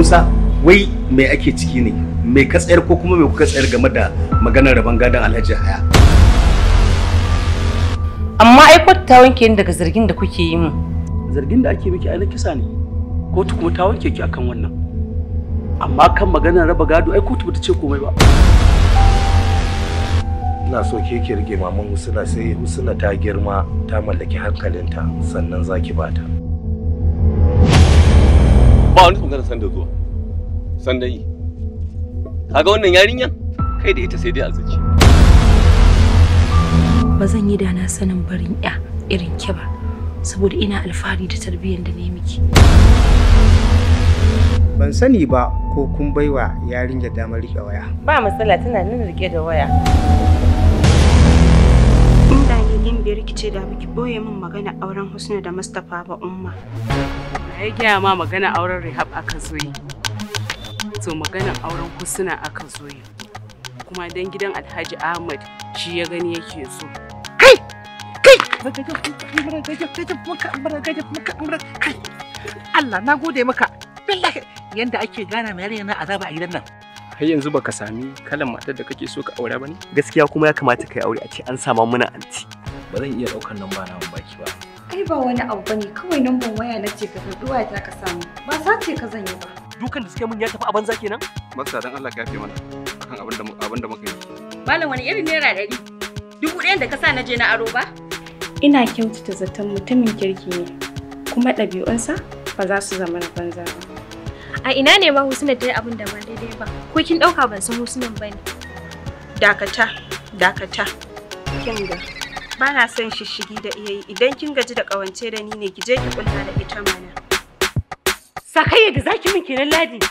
Musa wai mai ake ciki ne me ka tsayar ko kuma me kuka tsayar game da maganar rabon gadon Alhaji Haya amma ai ko ta wanke ni daga zargin da kuke yi min zargin da ake miki ai na kisa ne kotu kuma ta wanke ki akan wannan amma kan maganar raba gado ai kotu bata ce komai ba ina so ke ki rige maman Husna sai Husna ta girma ta mallaki hankalinta sannan zaki bata ba wani tsungana san da zuwa san da yi kaga wannan yarinyan kai da ita sai dai azuci ba zan yi da na sanin barin ya irin ki ba saboda ina alfahari da tarbiyyar da nayi miki ban sani ba ko kun baiwa yarinya damar rike waya ba matsala tana nan rike da waya in da ne yin bai rikice da miki boye min magana auren Husna da Mustapha ba umma ya gaya ma magana auren rehab aka zo yi to magana auren husna aka zo yi kuma dan gidan alhaji ahmad shi ya gani yake so kai kai Allah na gode maka billahi yanda ake gana mai yana azaba a gidan nan har yanzu baka sami kalan matar da kake so ka ba ne gaskiya kuma ya kamata kai aure a ce an sama mana anti ba zan iya daukar nan ba na baki ba ai ba wani abu bane kawai namban waya na ce ka karɓi waya ta ka samu ba ce ka zanyi ba dukan da suke mun ya tafi a banza kenan masa dan Allah ka yafe mana akan abin da abin da muka yi malam wani irin naira dari dubu ɗayan da ka sa na je na aro ba ina kyautata zaton mutumin kirki ne kuma ɗabi'unsa ba za su zama na banza ba a ina ne ma husna ta yi abin da ba daidai ba ko kin ɗauka ban san husnan ba ne dakata dakata ga ba na son shishigi da iya yi idan kin gaji da kawance da ni ne ki je ki kula da ita mana sakayya da zaki min kenan ladi